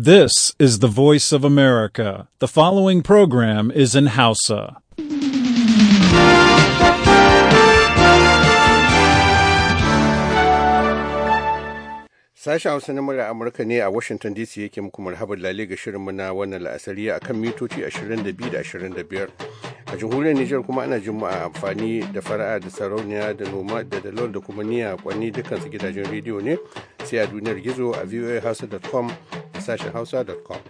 This is the voice of America. The following program is in Hausa. Sashen Hausa na murya Amurka ne a Washington DC yake muku marhabar lalle ga shirinmu na wannan la'asari a kan mitoci 22 da 25. a jamhuriyar niger kuma ana jin ma'a amfani da fara'a da sarauniya da noma da dalol da kuma niya kwanni dukansu gidajen rediyo ne sai a duniyar gizo a voahausa.com da sashen hausa.com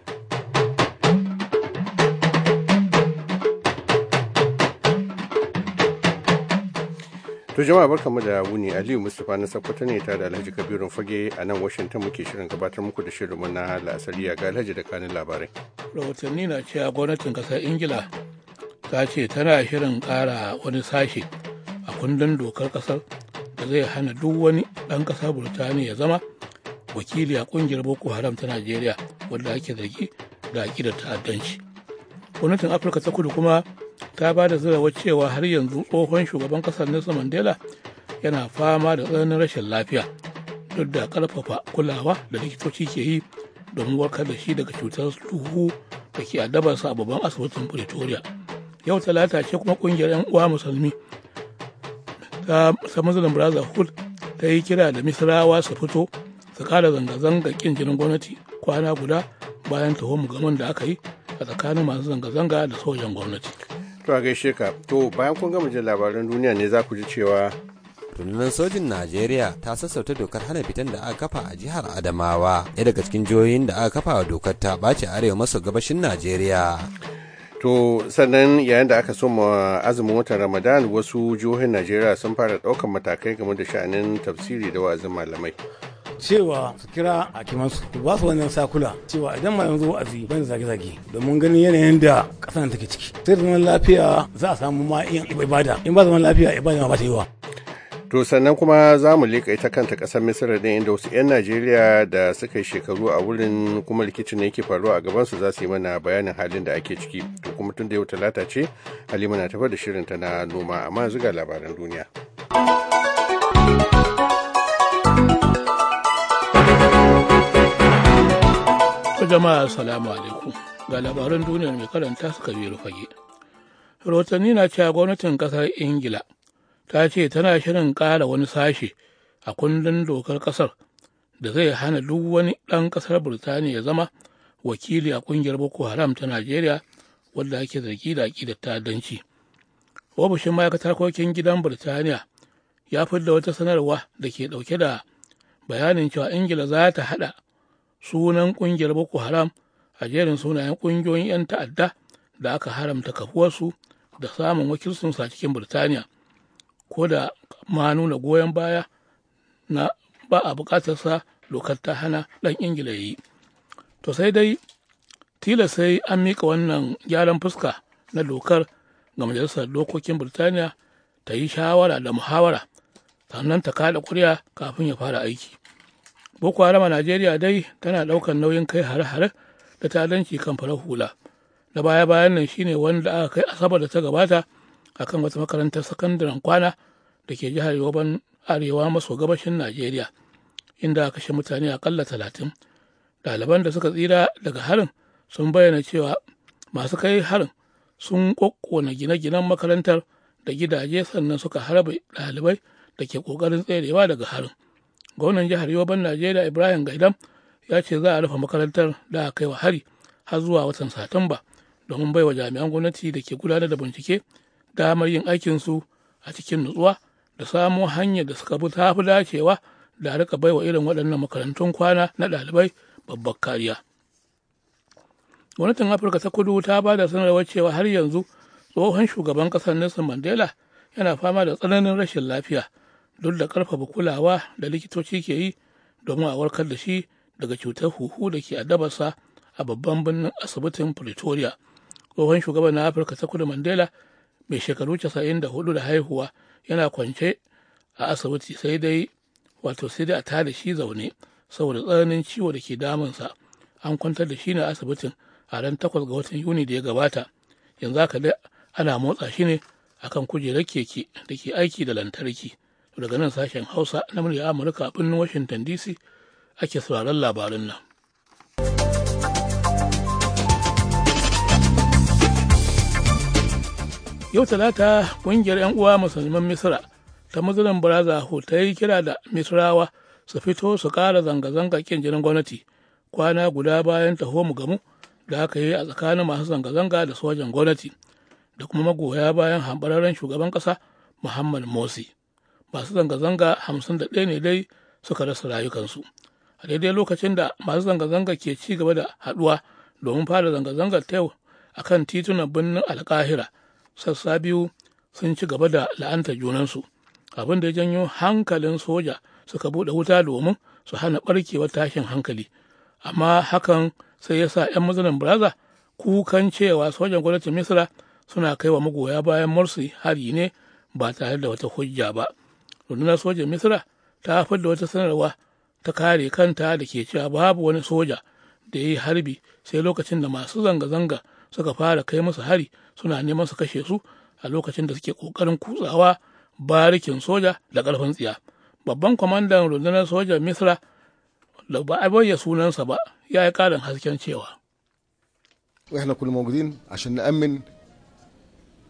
to jama'a barkamu da wuni aliyu mustapha na sakkwato ne tare da alhaji kabirun fage a nan washington muke shirin gabatar muku da shirin na la'asari ga alhaji da kanin labarai rahotanni na cewa gwamnatin kasar ingila ta ce tana shirin ƙara wani sashe a kundin dokar ƙasar da zai hana duk wani ɗan ƙasar burtaniya zama wakili a ƙungiyar boko haram ta najeriya wadda ake zargi da aƙidar ta'addanci gwamnatin afirka ta kudu kuma ta ba da zirawar cewa har yanzu tsohon shugaban ƙasar nelson mandela yana fama da tsananin rashin lafiya duk da ƙarfafa kulawa da likitoci ke yi domin warkar da shi daga cutar suhu da ke addabarsa a babban asibitin pretoria yau talata ce kuma kungiyar 'yan uwa musulmi ta muslim brotherhood ta yi kira da misirawa su fito su kara zanga-zanga kin jinin gwamnati kwana guda bayan mu gaman da aka yi a tsakanin masu zanga-zanga da sojan gwamnati. To a gaishe ka, to bayan kun gama jin labaran duniya ne za ku ji cewa rundunar sojin najeriya ta sassauta dokar hana fitan da aka kafa a jihar adamawa ɗaya daga cikin jihohin da aka kafa wa dokar ta ɓace arewa maso gabashin najeriya to sannan yayin da aka soma azumin watan ramadan wasu jihohin najeriya sun fara ɗaukar matakai game da sha'anin tafsiri da wa'azin malamai cewa su kira a kimansu ba su wannan sakula cewa idan ma zo wa'azi ban zage-zage domin ganin yanayin da ƙasar take ciki sai zaman lafiya za a samu ma ibada in ba zaman lafiya ibada ma ba ta yi wa To sannan kuma za mu leƙa ita kanta ƙasar Misira ɗin inda wasu 'yan Najeriya da suka yi shekaru a wurin kuma rikicin da yake faruwa a gabansu za su yi mana bayanin halin da ake ciki. To kuma tun da yau talata ce Halima na tafa da shirin ta na noma amma yanzu ga labaran duniya. jama'a salamu alaikum ga labaran duniyar mai karanta suka biyu fage rahotanni na cewa gwamnatin ƙasar ingila ta ce tana shirin ƙara wani sashe a kundin dokar ƙasar da zai hana duk wani ɗan ƙasar Birtaniya ya zama wakili a ƙungiyar Boko Haram ta Najeriya wadda ake zargi da aƙidar ta'addanci. Ofishin ma'aikatar harkokin gidan Birtaniya ya fi da wata sanarwa da ke ɗauke da bayanin cewa Ingila za ta haɗa sunan ƙungiyar Boko Haram a jerin sunayen ƙungiyoyin 'yan ta'adda da aka haramta kafuwarsu da samun wakilcinsu a cikin Birtaniya. ko da ma nuna goyon baya na ba a bukatarsa dokar ta hana ɗan ingila yi to sai dai tila sai an mika wannan gyaran fuska na dokar ga majalisar dokokin birtaniya ta yi shawara da muhawara sannan ta kada kuriya kafin ya fara aiki boko haram najeriya dai tana ɗaukar nauyin kai har hare da talanci kan farar hula na baya-bayan nan shine wanda aka kai asabar da ta gabata akan wata makarantar sakandaren kwana da ke jihar yoban arewa maso gabashin najeriya inda a kashe mutane akalla talatin ɗaliban da suka tsira daga harin sun bayyana cewa masu kai harin sun kokkona gine-ginen makarantar da gidaje sannan suka harbe ɗalibai da ke ƙoƙarin tserewa daga harin gwamnan jihar yoban najeriya ibrahim gaidam ya ce za a rufe makarantar da aka kai wa hari har zuwa watan satumba domin baiwa jami'an gwamnati da ke gudanar da bincike damar yin aikinsu a cikin nutsuwa da samo hanyar da suka ta fi dacewa da rika wa irin waɗannan makarantun kwana na ɗalibai babbar kariya. Gwamnatin Afirka ta kudu ta ba da sanarwar cewa har yanzu tsohon shugaban ƙasar Nelson Mandela yana fama da tsananin rashin lafiya duk da ƙarfafa kulawa da likitoci ke yi domin a warkar da shi daga cutar huhu da ke addabarsa a babban birnin asibitin Pretoria. Tsohon shugaban na Afirka ta kudu Mandela mai shekaru casa'in da hudu da haihuwa yana kwance a asibiti sai dai wato sai dai a da shi zaune saboda tsananin ciwo da ke damunsa an kwantar da shi ne a asibitin a ran takwas ga watan yuni da ya gabata yanzu haka dai ana motsa shi ne akan kujerar keke da ke aiki da lantarki daga nan sashen hausa na murya amurka a birnin washington dc ake sauraron labarin nan yau talata kungiyar 'yan uwa musulman misra ta muslim brotherhood ta yi kira da misrawa su fito su kara zanga-zanga kin jinin gwamnati kwana guda bayan taho mu gamu da aka yi a tsakanin masu zanga-zanga da sojan gwamnati da kuma magoya bayan hambararren shugaban ƙasa muhammad morsi masu zanga-zanga hamsin da ɗaya ne dai suka rasa rayukansu a daidai lokacin da masu zanga-zanga ke ci gaba da haɗuwa domin fara zanga-zangar ta yau a kan titunan birnin alkahira sassa biyu sun ci gaba da la'anta junansu abin da ya janyo hankalin soja suka bude wuta domin su hana barkewar tashin hankali amma hakan sai ya sa 'yan mazanin braza kukan cewa sojan gwamnatin misra suna kai wa magoya bayan morsi hari ne ba tare da wata hujja ba rundunar sojan misra ta da wata sanarwa ta kare kanta da ke cewa babu wani soja da ya yi harbi sai lokacin da masu zanga-zanga suka fara kai musu hari suna neman su kashe su a lokacin da suke kokarin kutsawa barikin soja da karfin tsiya babban kwamandan rundunar sojan misra da ba a bayyana sunansa ba ya yi ƙarin hasken cewa احنا كنا موجودين عشان نامن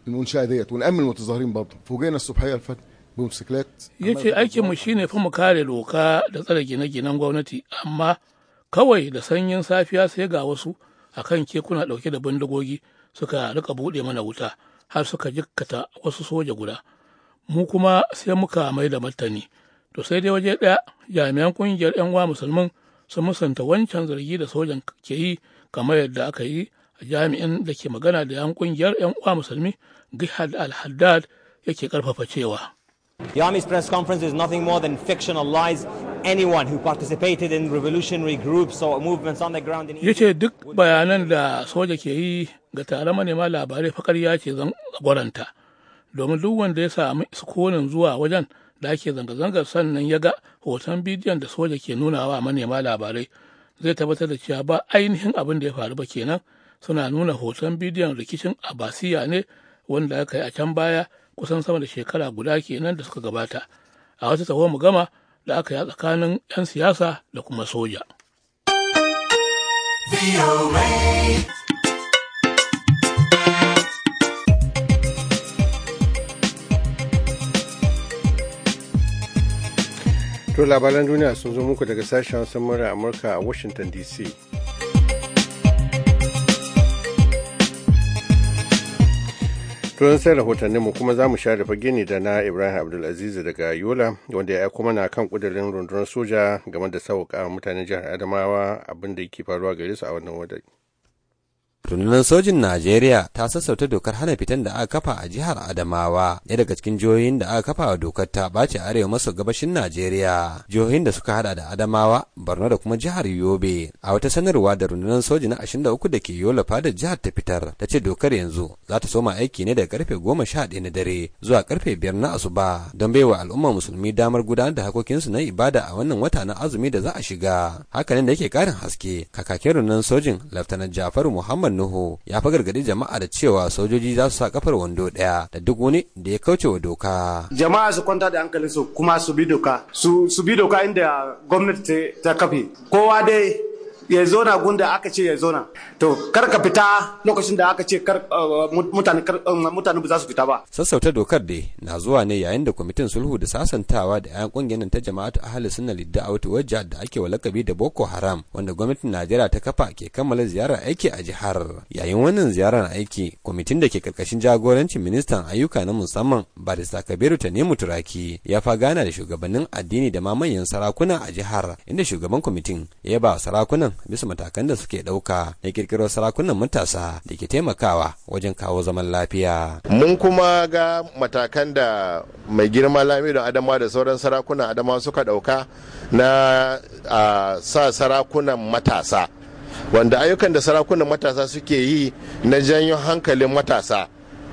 المنشاه ديت ونامن المتظاهرين برضه فوجئنا الصبحيه الفت بموتوسيكلات yace aikin mu shine fa mu kare doka da tsare gine-ginen gwamnati amma kawai da sanyin safiya sai ga wasu akan kekuna dauke da bindigogi suka rika buɗe mana wuta har suka jikkata wasu soja guda mu kuma sai muka mai da martani to sai dai waje ɗaya jami'an ƙungiyar 'yan uwa musulmin sun musanta wancan zargi da sojan ke yi kamar yadda aka yi a jami'in da ke magana da 'yan ƙungiyar 'yan uwa musulmi gihad al-haddad yake karfafa cewa The Army's press conference is nothing more than fictional lies. Anyone who participated in revolutionary groups or movements on the ground in Egypt. duk bayanan da soja ke yi ga taron manema labarai ya ce zan Domin duk wanda ya sami sukunin zuwa wajen da ake zanga-zangar sannan ya ga hoton bidiyon da soja ke nuna wa manema labarai zai tabbatar da cewa ba ainihin abin da ya faru ba kenan suna nuna hoton bidiyon rikicin abasiya ne wanda aka yi a can baya kusan sama da shekara guda kenan da suka gabata a wata mu gama da aka yi tsakanin 'yan siyasa da kuma soja. To labaran duniya sun zo muku daga sashen a Amurka a Washington DC. turan sai rahotannin mu kuma za mu sha dafa gini da na ibrahim abdulaziz daga yola wanda ya kuma na kan kudirin rundunar soja game da sauka mutanen jihar adamawa abinda ke faruwa gare su a wannan wadai rundunar sojin najeriya ta sassauta dokar hana fitan da aka kafa a jihar adamawa ɗaya daga cikin jihohin da aka kafa wa dokar ta ɓace arewa maso gabashin najeriya jihohin da suka hada da adamawa borno da kuma jihar yobe a wata sanarwa da rundunar soji na 23 da ke yola fadar jihar ta fitar ta ce dokar yanzu za ta soma aiki ne daga karfe 11 na dare zuwa karfe biyar na asuba don baiwa al'ummar musulmi damar gudanar da hakokinsu na ibada a wannan wata na azumi da za a shiga hakanan da yake karin haske kakakin rundunar sojin laftanar jafaru muhammad Muhammad Nuhu ya fa gargaɗi jama'a da cewa sojoji za su sa kafar wando ɗaya da duk wani da ya kauce wa doka. Jama'a su kwanta da hankalinsu kuma su bi doka su bi doka inda gwamnati ta kafe kowa dai ya zona gunda aka ce ya zona to kar ka fita lokacin da aka ce kar uh, mutane um, mutane ba za su fita ba sassauta dokar dai na zuwa ne yayin da kwamitin sulhu da sasantawa da yan kungiyar ta jama'atu ahali ahli sunna lidda'awati wajja da ake walakabi da boko haram wanda gwamnatin Najeriya ta kafa ke kammala ziyarar aiki a jihar yayin wannan ziyarar aiki kwamitin da ke karkashin jagorancin ministan ayyuka na musamman barista Kabiru ta nemi Turaki ya fa gana da shugabannin addini da ma manyan sarakuna a jihar inda shugaban kwamitin ya ba sarakunan bisa matakan da suke ɗauka na kirkiro sarakunan matasa da ke taimakawa wajen kawo zaman lafiya. Mun kuma ga matakan da mai girma Lamido Adama da sauran sarakunan Adama suka ɗauka na sa sarakunan matasa. Wanda ayyukan da sarakunan matasa suke yi na janyo hankalin matasa.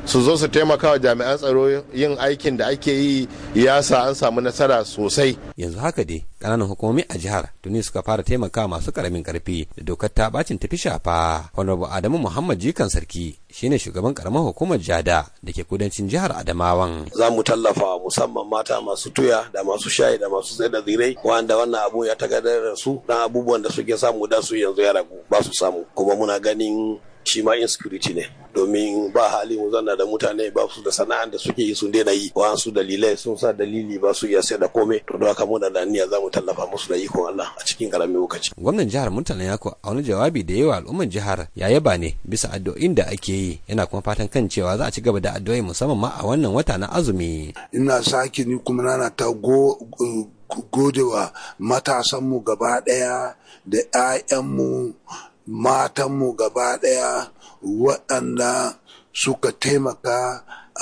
su zo su taimaka wa jami'an tsaro yin aikin da ake yi ya sa an samu nasara sosai yanzu haka dai kananan hukumomi a jihar tuni suka fara taimaka masu karamin karfi da dokar ta bacin tafi shafa honorable adamu muhammad jikan sarki shine shugaban karamar hukumar jada da ke kudancin jihar adamawan za mu tallafa musamman mata masu tuya da masu shayi da masu tsaye da zirai wanda wannan abu ya tagadar da su dan abubuwan da suke samu da su yanzu ya ragu ba su samu kuma muna ganin shi ma insecurity ne domin ba halin zanna da mutane ba su da sana'an da suke yi sun daina yi su dalilai sun sa dalili ba su iya sai da komai to don haka mun da niyya za mu tallafa musu da ikon Allah a cikin karamin lokaci gwamnan jihar Murtala ko a wani jawabi da yawa al'umman jihar ya yaba ne bisa addu'o'in da ake yi yana kuma fatan kan cewa za a ci gaba da addu'o'i musamman ma a wannan wata na azumi ina sake ni kuma nana ta go wa matasanmu gaba daya da 'ya'yanmu matanmu gaba ɗaya waɗanda suka taimaka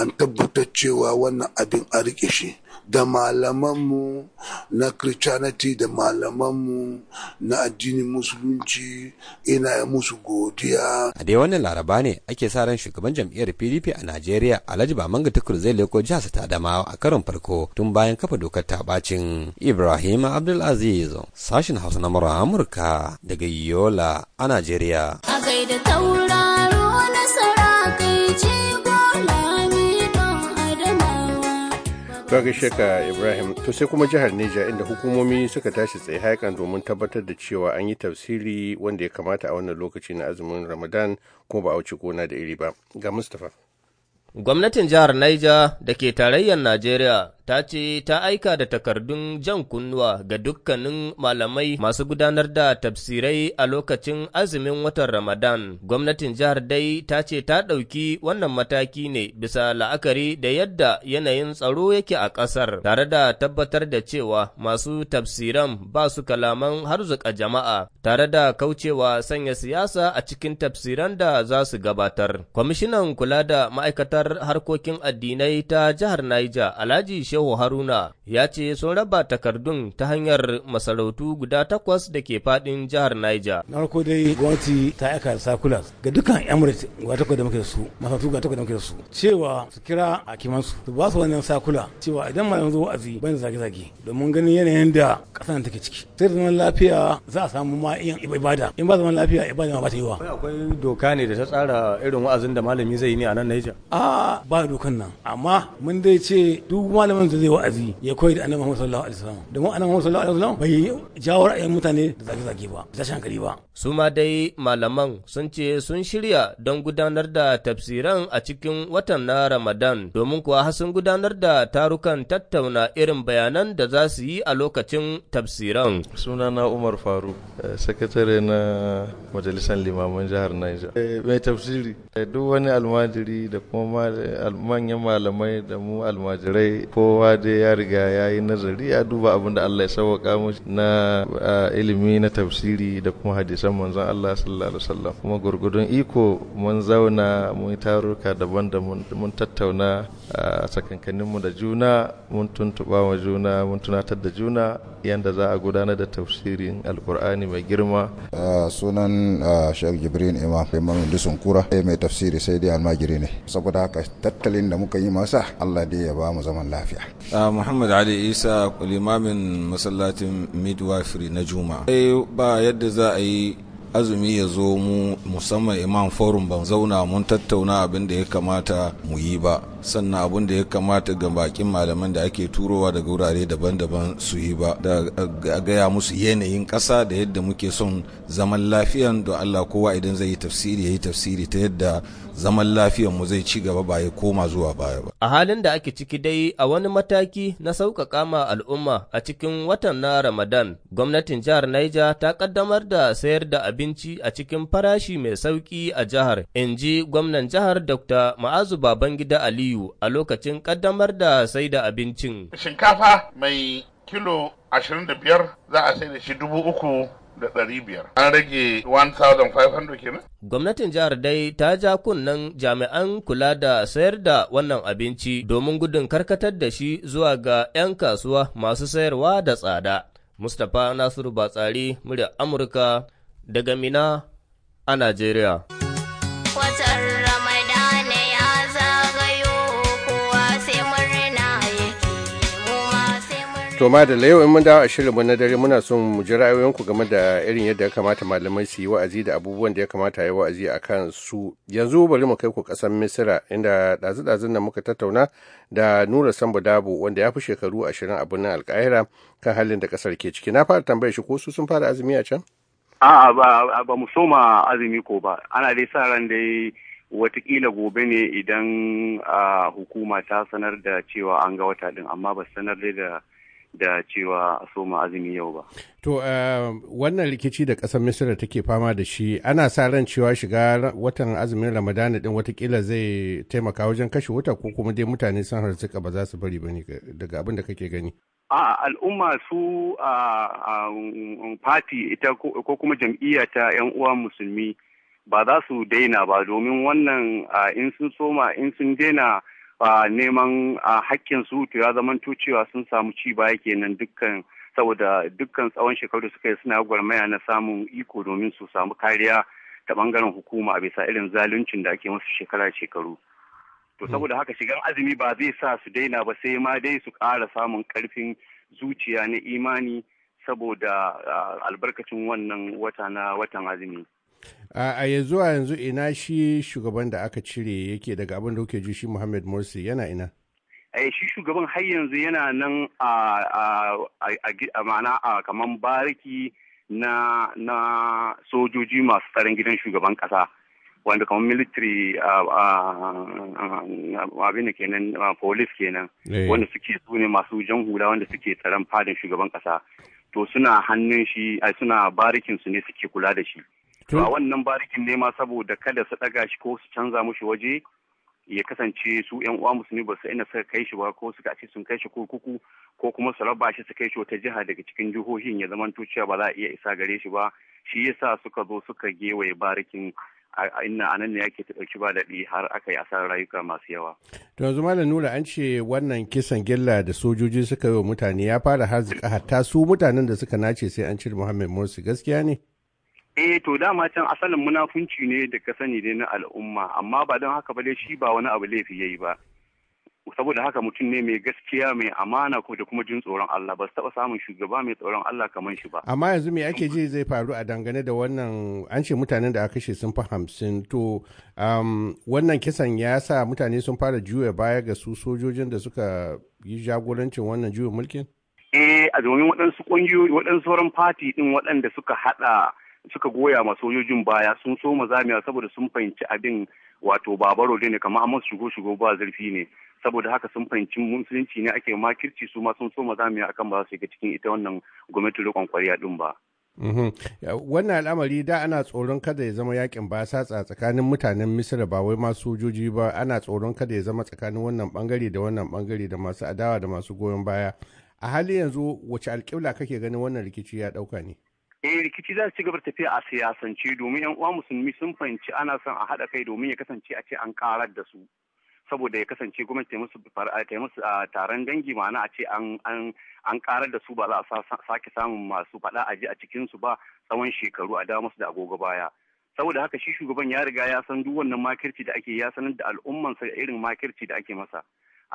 an tabbatar cewa wannan abin a riƙe shi da malamanmu na christianity da malamanmu na addinin musulunci ina musu godiya a dai wannan laraba ne ake sa ran shugaban jam'iyyar pdp a najeriya alhaji bamanga tukur zai leko jihar ta adamawa a karon farko tun bayan kafa dokar ta bacin ibrahim abdulaziz sashin hausa na amurka daga yola a najeriya a gaida taura ka gaishe ka ibrahim to sai kuma jihar neja inda hukumomi suka tashi tsaye haikan domin tabbatar da cewa an yi tafsiri wanda ya kamata a wannan lokaci na azumin ramadan kuma ba a wuce gona da iri ba ga mustapha gwamnatin jihar neja da ke tarayyar najeriya ta ce ta aika da takardun jan kunnuwa ga dukkanin malamai masu gudanar da tafsirai a lokacin azumin watan Ramadan. Gwamnatin jihar dai ta ce ta ɗauki wannan mataki ne bisa la'akari da yadda yanayin tsaro yake a ƙasar, tare da tabbatar da cewa masu tafsiran ba su kalaman harzuka jama'a, tare da kaucewa sanya siyasa a cikin tafsiran da za su gabatar. Kwamishinan kula da ma'aikatar harkokin addinai ta jihar Niger, Alhaji Shehu Haruna ya ce sun raba takardun ta hanyar masarautu guda takwas da ke fadin jihar Niger. Na farko dai gwamnati ta aika circulars ga dukkan Emirates guda takwas da muke da su, masarautu guda takwas da muke da su, cewa su kira hakimansu su ba su wannan sakula cewa idan malam zo wa'azi bayan zage-zage domin ganin yanayin da ƙasar take ciki. Sai da zaman lafiya za a samu ma yin ibada, in ba zaman lafiya ibada ma ba ta yi wa. Akwai doka ne da ta tsara irin wa'azin da malami zai yi ne a nan Niger. A ba dokan nan, amma mun dai ce duk malamin da zai wa'azi ya koyi da annabi Muhammad sallallahu alaihi wasallam domin annabi Muhammad sallallahu alaihi wasallam bai jawo ra'ayin mutane da zage-zage ba da shankali ba su ma dai malaman sun ce sun shirya don gudanar da tafsiran a cikin watan na Ramadan domin kuwa har sun gudanar da tarukan tattauna irin bayanan da za su yi a lokacin tafsiran sunana Umar Faruk eh, sakatare na majalisar limaman jihar Niger eh, mai tafsiri eh, duk wani almajiri da kuma manyan malamai da mu almajirai ko kowa dai ya riga ya yi nazari ya duba abin da Allah ya sauƙa mushi na ilimi na tafsiri da kuma hadisan manzon Allah sallallahu alaihi wasallam kuma gurgudun iko mun zauna mun yi taruka daban da mun tattauna a mu da juna mun tuntuɓa wa juna mun tunatar da juna yadda za a gudanar da tafsirin alkur'ani mai girma sunan shek jibrin imam imam dusun kura eh, mai tafsiri sai dai almajiri ne saboda haka tattalin da muka yi masa allah dai ya ba mu zaman lafiya Ah, Muhammad Ali Isa limamin masallacin midwifery na Juma. ba yadda za a yi azumi ya zo mu musamman imam forum ban zauna mun tattauna abin da ya kamata mu yi ba sannan abin da ya kamata ga bakin malaman da ake turowa daga wurare daban-daban su yi ba da gaya musu yanayin ƙasa da yadda muke son zaman lafiyan don allah kowa idan zai yi tafsiri ya yi tafsiri ta yadda zaman lafiyar mu zai ci gaba ba ya koma zuwa baya ba. A halin da ake ciki dai a wani mataki na sauƙaƙa ma al'umma a cikin watan na Ramadan, gwamnatin jihar Naija ta ƙaddamar da sayar da abinci a cikin farashi mai sauƙi a jihar, in ji gwamnan jihar Dr. Ma'azu Babangida Aliyu a lokacin ƙaddamar da sai da abincin. Shinkafa mai kilo ashirin da biyar za a sai da shi dubu uku da An rage 1,500 kenan? Gwamnatin jihar dai ta ja kunnen jami'an kula da sayar da wannan abinci domin gudun karkatar da shi zuwa ga 'yan kasuwa masu sayarwa da tsada. Mustapha Nasiru Batsari, murya Amurka, daga Mina a Najeriya. Watar to ma da yau in mun dawo a shirinmu na dare muna son mu ji ra'ayoyinku game da irin yadda ya kamata malamai su yi wa'azi da abubuwan da ya kamata ya yi wa'azi a kan su yanzu bari mu kai ku kasan misira inda dazu dazun nan muka tattauna da nura sambu dabu wanda ya fi shekaru ashirin a birnin alkahira kan halin da kasar ke ciki na fara tambayar shi ko su sun fara azumi a can a'a ba mu soma azumi ko ba ana dai sa ran dai watakila gobe ne idan ah, hukuma ta sanar da cewa an ga wata din amma ba sanar dai da da cewa a soma azumi yau ba. To, eh, wannan rikici da ƙasar Misira take fama da shi, ana sa ran cewa shiga watan azumin Ramadana din watakila zai taimaka wajen kashe wuta ko kuma dai mutane sun harzuka ba za su bari ba daga abin da kake gani. A al'umma su a fati ita ko kuma jam'iyya ta 'yan uwa musulmi ba za su daina ba domin wannan in sun soma in sun daina a neman hakkin su to ya to cewa sun samu ci baya kenan dukkan saboda dukkan tsawon shekaru suka yi suna gwarmaya na samun iko domin su samu kariya ta bangaren hukuma a bisa irin zaluncin da ake musu shekara shekaru to hmm. saboda haka shigan azumi ba zai sa su daina ba sai ma dai su ƙara samun karfin zuciya na imani saboda albarkacin wannan wata na watan azumi a yanzu a yanzu ina shi shugaban da aka cire yake daga abin da kuke ji shi muhammad morsi yana ina eh shi shugaban har yanzu yana nan a ma'ana a kamar bariki na na sojoji masu tsaron gidan shugaban kasa wanda kamar military abin da kenan police kenan eh. wanda suke su ne masu jan hula wanda suke tsaron fadin shugaban kasa to suna hannun shi suna barikin su ne suke kula da shi a wannan barikin ne ma saboda kada su daga shi ko su canza mushi waje ya kasance su yan uwa musulmi ba su ina suka kai shi ba ko suka ce sun kai shi kurkuku ko kuma su raba shi su kai shi wata jiha daga cikin jihohin ya zama cewa ba za a iya isa gare shi ba shi yasa suka zo suka gewaye barikin ina anan ne yake ɗauki ba daɗi har aka yi asarar rayuka masu yawa. To yanzu Malam Nura an ce wannan kisan gilla da sojoji suka yi wa mutane ya fara harzika hatta su mutanen da suka nace sai an cire Muhammad Morsi gaskiya ne? Eh to dama can asalin munafunci ne da ka sani ne na al'umma amma ba don haka ba shi ba wani abu laifi yayi ba. Saboda haka mutum ne mai gaskiya mai amana ko da kuma jin tsoron Allah ba su taɓa samun shugaba mai tsoron Allah kamar shi ba. Amma yanzu me ake ji zai faru a dangane da wannan an ce mutanen da aka kashe sun fi hamsin to um, wannan kisan ya sa mutane sun fara juya baya ga su sojojin da suka yi jagorancin wannan juyin mulkin? Eh a domin waɗansu ƙungiyoyi waɗansu sauran fati ɗin waɗanda suka haɗa suka goya ma sojojin baya sun so mazamiya saboda sun fahimci abin wato babaro ne kamar amma shigo shigo ba zurfi ne saboda haka sun fahimci musulunci ne ake makirci su ma sun so mazamiya akan ba su ga cikin ita wannan gwamnati rikon kwariya din ba mhm. wannan al'amari da ana tsoron kada ya zama yakin ba satsa tsakanin mutanen misir ba wai masu sojoji ba ana tsoron kada ya zama tsakanin wannan bangare da wannan bangare da masu adawa da masu goyon baya a halin yanzu wace alƙibla kake ganin wannan rikici ya ɗauka ne eh rikici za su ci gaba tafiya a siyasance domin yan uwa musulmi sun fahimci ana son a haɗa kai domin ya kasance a ce an karar da su saboda ya kasance gwamnati ta musu ta musu ah, taron dangi ma'ana a ce an an karar da su ba za a sake samun masu faɗa a ji a cikin su ba tsawon shekaru a dawo musu da agogo baya saboda haka shi shugaban ya riga ya san duk wannan makirci da ake ya sanar da al'ummansa irin makirci da ake masa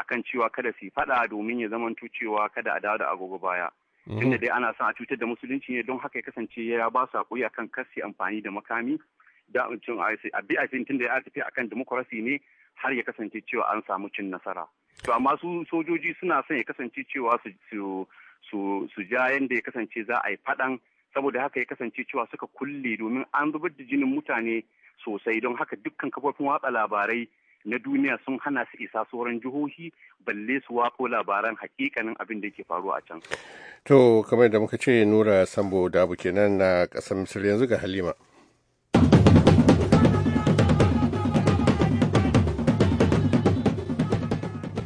akan cewa kada su faɗa domin ya zamanto cewa kada a dawo da agogo baya Mm-hmm. tunda dai ana son a cutar da musulunci ne don haka ya kasance ya ba su hakuri akan kasi amfani da makami da cin a bi a tunda ya tafi akan demokarasi ne har ya kasance cewa an samu cin nasara to amma su sojoji suna son ya kasance cewa su su su ja yanda ya kasance za a yi faɗan saboda haka ya kasance cewa suka kulle domin an zubar da jinin mutane sosai don haka dukkan kafofin watsa labarai na duniya sun hana su isa sauran jihohi balle su wako labaran hakikanin abin da yake faruwa a can. To kamar da muka ce Nura Sambo Dabu kenan na ƙasar Misir yanzu ga Halima.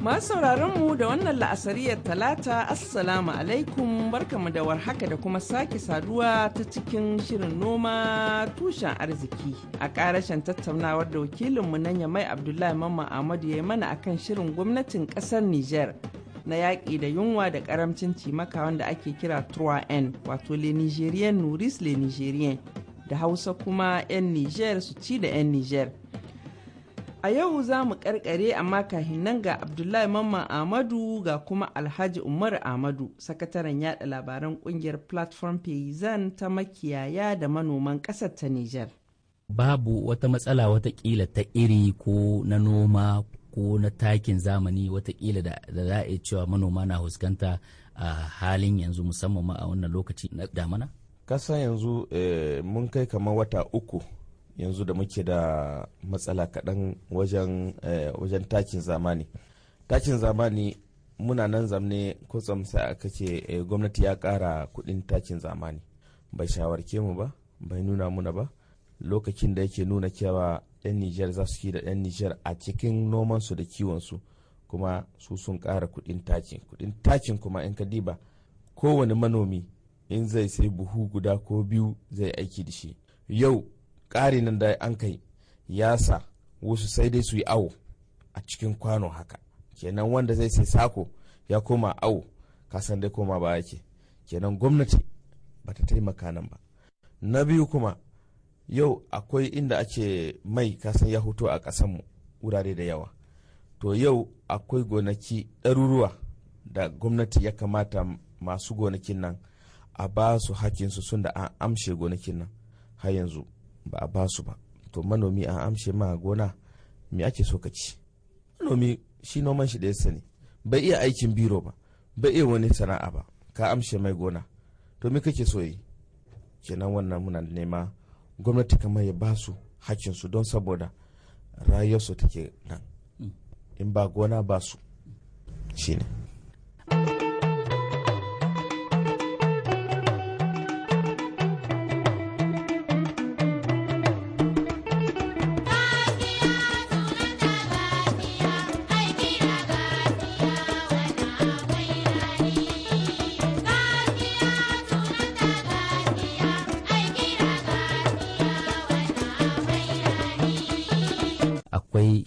Masu sauraron mu da wannan la'asariyar talata assalamu alaikum barkamu da warhaka da kuma sake saduwa ta cikin shirin noma tushen arziki a karashen tattaunawar da wakilinmu na yamai abdullahi mamman ahmadu ya yi mana akan shirin gwamnatin kasar niger na yaƙi da yunwa da karamcin cimaka wanda ake kira 3n wato le nigerian nuris le nigerian da hausa kuma 'yan niger su ci da 'yan niger A yau za mu karkare amma kahin nan ga Abdullahi mamma Ahmadu ga kuma Alhaji Umar Ahmadu, sakataren yada labaran kungiyar Platform Payzan ta makiyaya da manoman ƙasar ta Nijar. Babu wata matsala watakila ta iri ko na noma ko na takin zamani watakila da za a cewa manoma na huskanta a halin yanzu musamman a wannan lokaci na damana? Kasan yanzu eh, mun kai kamar wata uku yanzu da muke da matsala kaɗan eh, wajen takin zamani takin zamani muna nan zamne ko sai aka ce eh, gwamnati ya ƙara kuɗin takin zamani bai shawarke mu ba bai nuna muna ba lokacin da yake nuna cewa 'yan nijar za su da 'yan nijar a cikin nomansu da kiwonsu kuma su sun ƙara kuɗin takin kuɗin takin kuma in ka diba kowane manomi in zai sai buhu guda ko biyu zai aiki da shi yau ƙari nan da an kai ya sa wasu sai dai su yi awo a cikin kwano haka kenan wanda zai sai sako ya koma awo kasan dai koma ba yake kenan gwamnati ba ta taimaka nan ba na biyu kuma yau akwai inda ake mai kasan ya hoto a ƙasanmu wurare da yawa to yau akwai gonaki ɗaruruwa da gwamnati ya kamata masu gonakin nan a ba su hakinsu sun da an amshe gonakin nan har yanzu ba a basu ba to manomi an amshe ma gona me ake so ka ci manomi shi noman shi da ya sani bai iya aikin biro ba bai iya wani sana'a ba ka amshe mai gona to me kake so yi kenan wannan muna nema gwamnati kamar ya basu hakkin su don saboda rayuwarsu take nan mm. in ba gona ba su shine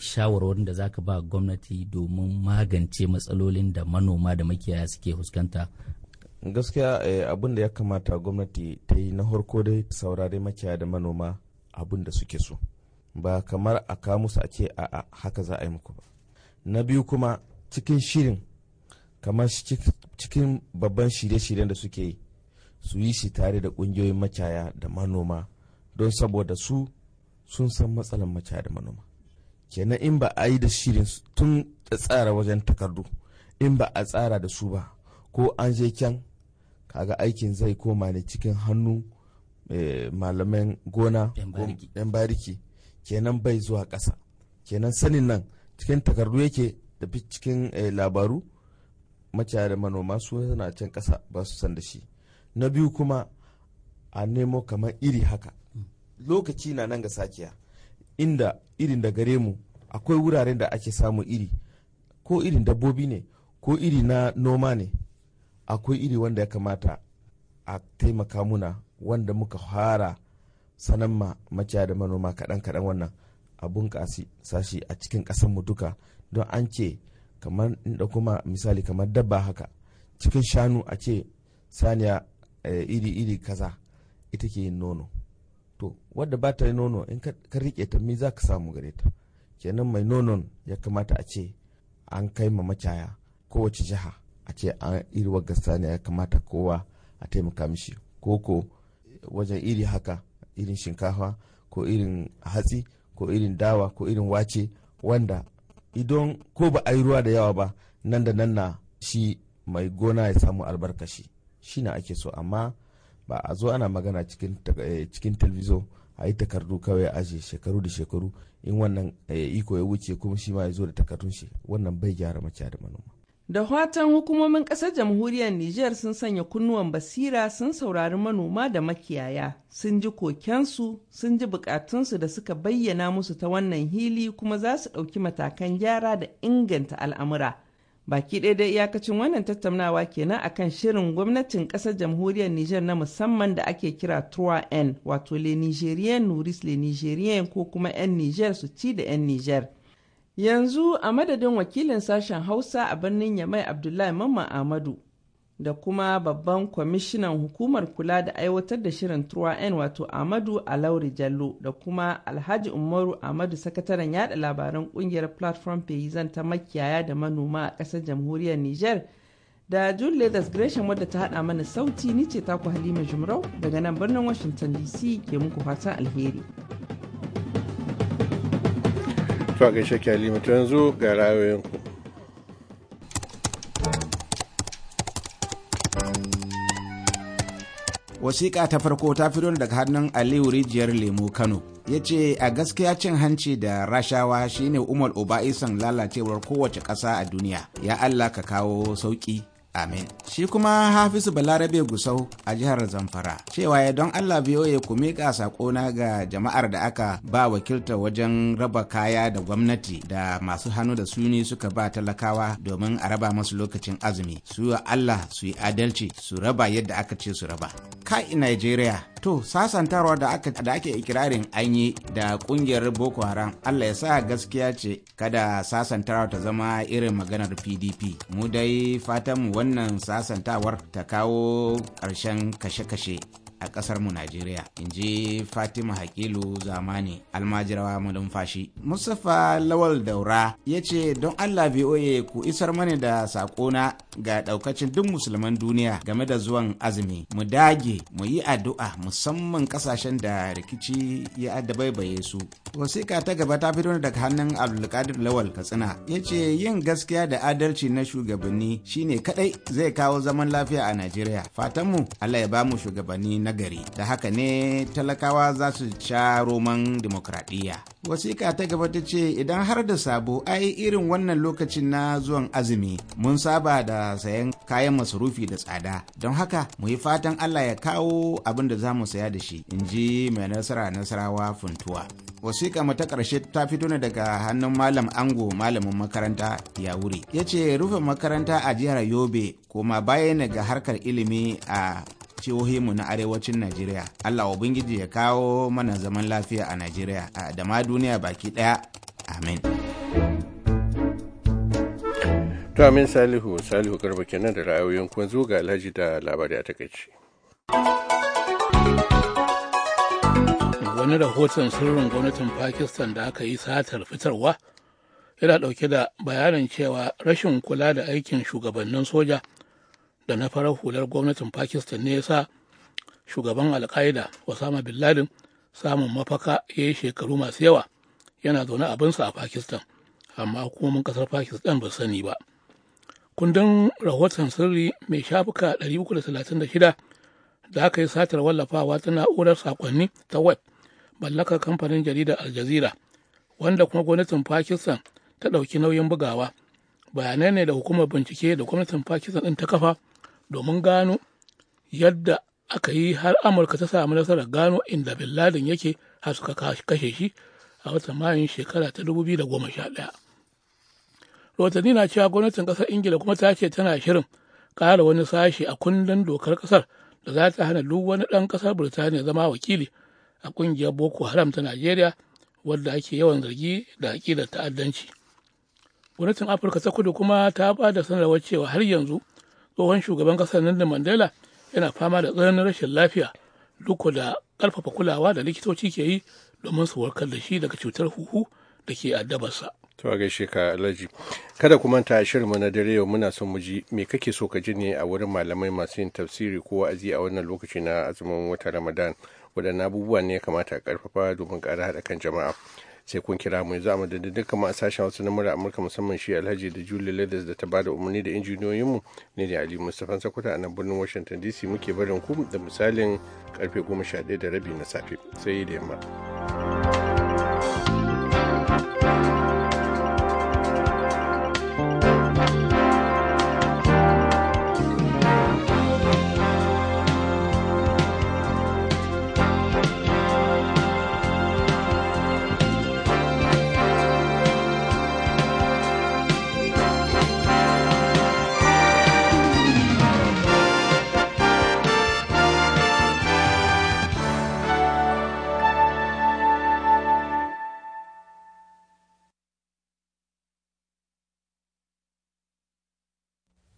shawarwarin da zaka ba gwamnati domin magance matsalolin da manoma da makiyaya suke fuskanta gaskiya eh, abin da ya kamata gwamnati ta yi na harko dai ta saurari makiyaya da manoma abin da suke so ba kamar a ka musu a ce a haka za a yi muku ba na biyu kuma cikin shirin kamar cikin babban shirye-shiryen da suke yi su yi shi tare da ƙungiyoyin macaya da manoma don saboda su sun san matsalar macaya da manoma kenan in ba a yi da shirin tun da tsara wajen takardu in ba a tsara da su ba ko an je kyan kaga aikin zai koma ne cikin hannu eh, malaman gona yan bariki kenan bai zuwa kasa kenan sanin nan cikin takardu yake da cikin eh, labaru mace da manoma su suna can kasa ba su san da shi na biyu kuma a nemo kamar iri haka mm. lokaci na nan ga sakiya inda irin da gare mu akwai wuraren da ake samu iri ko irin dabbobi ne ko iri na noma ne akwai iri wanda ya kamata a taimaka muna wanda muka fara sanan ma maciya da manoma kaɗan kadan wannan a bunkasa sashi a cikin mu duka don an ce kamar da kuma misali kamar dabba haka cikin shanu a ce saniya eh, iri-iri kaza ita ke yin nono to wadda ba ta yi nono in ka riƙe ta mi za ka samu gare ta kenan mai nonon ya kamata a ce an kai ma macaya kowace jiha a ce an iri wa ne ya kamata kowa a taimaka mishi ko ko wajen iri haka irin shinkafa ko irin hatsi ko irin dawa ko irin wace wanda idan ko ba a yi ruwa da yawa ba nan da nan na shi mai gona ya samu albarkashi shi na ake so amma ba a zo ana magana cikin talbizo eh, a yi takardu kawai aje shekaru da shekaru in wannan eh, iko ya wuce kuma shi ma ya zo da takardun shi wannan bai gyara maciya da manoma. Da fatan hukumomin ƙasar jamhuriyar niger sun sanya kunnuwan basira sun saurari manoma da makiyaya, sun ji kokensu, sun ji bukatunsu da suka bayyana musu ta wannan hili kuma za su ɗauki matakan gyara da inganta al'amura. Baki ɗaya dai iyakacin wannan tattaunawa kenan akan shirin gwamnatin ƙasar jamhuriyar Nijar na musamman da ake kira 3N wato Le Nigerien Nouris Le Nigerien ko kuma 'yan Nijar su ci da 'yan Nijar. Yanzu a madadin wakilin sashen Hausa a birnin Yamai Abdullahi Mamman Ahmadu da kuma babban kwamishinan hukumar kula da aiwatar da shirin Truwa N wato Amadu Alauri Jallo da kuma Alhaji Umaru Amadu sakataren yada labaran kungiyar Platform Payzan ta makiyaya da manoma a ƙasar jamhuriyar Niger da June Leathers Gresham wadda ta haɗa mana sauti ni ce taku Halima Jumrau daga nan birnin Washington DC ke muku fatan alheri. To a gaishe Halima to yanzu ga ra'ayoyinku. wasiƙa ta farko ta fito daga hannun aliyu rijiyar lemo kano ya ce a gaskiya cin hanci da rashawa shine umar isan lalacewar kowace ƙasa a duniya ya allah ka kawo sauƙi amin shi kuma hafizu balarabe gusau a jihar zamfara cewa ya don allah biyo ya ku miƙa saƙona ga jama'ar da aka ba wakilta wajen raba kaya da gwamnati da masu hannu da suni suka ba talakawa domin a raba masu lokacin azumi su allah su yi adalci su raba yadda aka ce su raba kai Nigeria. To sasantarwa da ake ikirarin an yi da kungiyar Boko Haram Allah ya sa gaskiya ce kada sasantarwa ta zama irin maganar PDP. Mu dai fatan wannan sasantawar ta kawo ƙarshen kashe-kashe a kasar mu Najeriya in ji Fatima Hakilu zamani almajirawa fashi. Mustapha Lawal Daura ya ce don Allah VOA ku isar mani da sakona ga daukacin duk musulman duniya game da zuwan azumi mu dage mu yi addu'a musamman kasashen da rikici ya addabaibaye su wasika ta gaba ta fito daga hannun Abdulkadir Lawal Katsina ya ce yin gaskiya da adalci na shugabanni shine kadai zai kawo zaman lafiya a Najeriya fatanmu Allah ya ba mu shugabanni na Gari ta haka ne talakawa za su ca roman demokradiyya wasiƙa ta gaba ta ce idan har da sabo ai irin wannan lokacin na zuwan azumi mun saba da sayan kayan masarufi da tsada don haka mu yi fatan allah ya kawo abin da za mu saya da shi in ji mai nasara nasarawa funtuwa wasiƙa mata ƙarshe ta fito ne daga hannun malam ango malamin makaranta ya wuri ya ce rufe makaranta a jihar yobe koma baya ne ga harkar ilimi a jihohinmu na arewacin Najeriya. Allah Ubangiji ya kawo mana zaman lafiya a Najeriya da ma duniya baki ɗaya. Amin. To amin Salihu, Salihu Garba kenan da ra'ayoyin kun zo ga Alhaji da labari a takaice. Wani rahoton sirrin gwamnatin Pakistan da aka yi satar fitarwa yana ɗauke da bayanin cewa rashin kula da aikin shugabannin soja da na farar hular gwamnatin pakistan ne ya sa shugaban alkaida osama bin laden samun mafaka ya yi shekaru masu yawa yana zaune abinsa a pakistan amma hukumomin kasar pakistan ba sani ba kundin rahoton sirri mai shafuka 336 da aka yi satar wallafawa ta na'urar sakonni ta web mallakar kamfanin jaridar al jazeera wanda kuma gwamnatin pakistan ta ɗauki nauyin bugawa bayanai ne da hukumar bincike da gwamnatin pakistan ɗin ta kafa domin gano yadda aka yi har amurka ta samu nasarar gano inda bin yake har suka kashe shi a watan mayun shekara ta 2011 rahotanni na cewa gwamnatin kasar ingila kuma ta ce tana shirin ƙara wani sashe a kundin dokar kasar da za ta hana duk wani ɗan kasar Burtaniya zama wakili a ƙungiyar boko haram ta najeriya wadda ake yawan zargi da aƙidar ta'addanci gwamnatin afirka ta kudu kuma ta ba da sanarwar cewa har yanzu tsohon shugaban ƙasar Nelson Mandela yana fama da tsananin rashin lafiya duk da ƙarfafa kulawa da likitoci ke yi domin su warkar da shi daga cutar huhu da ke addabarsa. To a gaishe ka Alhaji. Kada ku manta shirinmu na dare yau muna son mu ji me kake so ka ji ne a wurin malamai masu yin tafsiri ko wa'azi a wannan lokaci na azumin watan Ramadan. Waɗannan abubuwa ne ya kamata a ƙarfafa domin ƙara haɗa kan jama'a. sai kun kira mu yanzu a da dukkan ma sashen wasu na mura amurka musamman shi alhaji da julie leathers da ta bada umarni da injiniyoyinmu ne da ali mustapha sakuta a nan birnin washington dc muke barin ku da misalin karfe 11 da rabi na safe sai da yamma.